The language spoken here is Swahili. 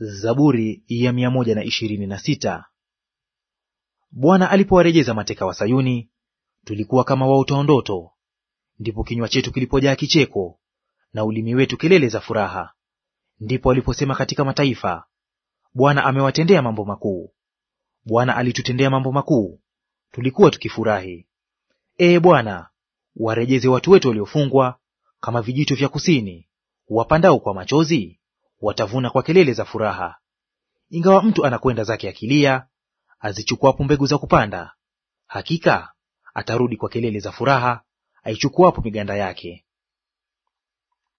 Zaburi ya mia moja na ishirini na sita. Bwana alipowarejeza mateka wa Sayuni, tulikuwa kama waota ndoto. Ndipo kinywa chetu kilipojaa kicheko na ulimi wetu kelele za furaha. Ndipo aliposema katika mataifa, Bwana amewatendea mambo makuu. Bwana alitutendea mambo makuu, tulikuwa tukifurahi. Ee Bwana, warejeze watu wetu waliofungwa, kama vijito vya kusini wapandao kwa machozi watavuna kwa kelele za furaha. Ingawa mtu anakwenda zake akilia, azichukuapo mbegu za kupanda, hakika atarudi kwa kelele za furaha, aichukuapo miganda yake.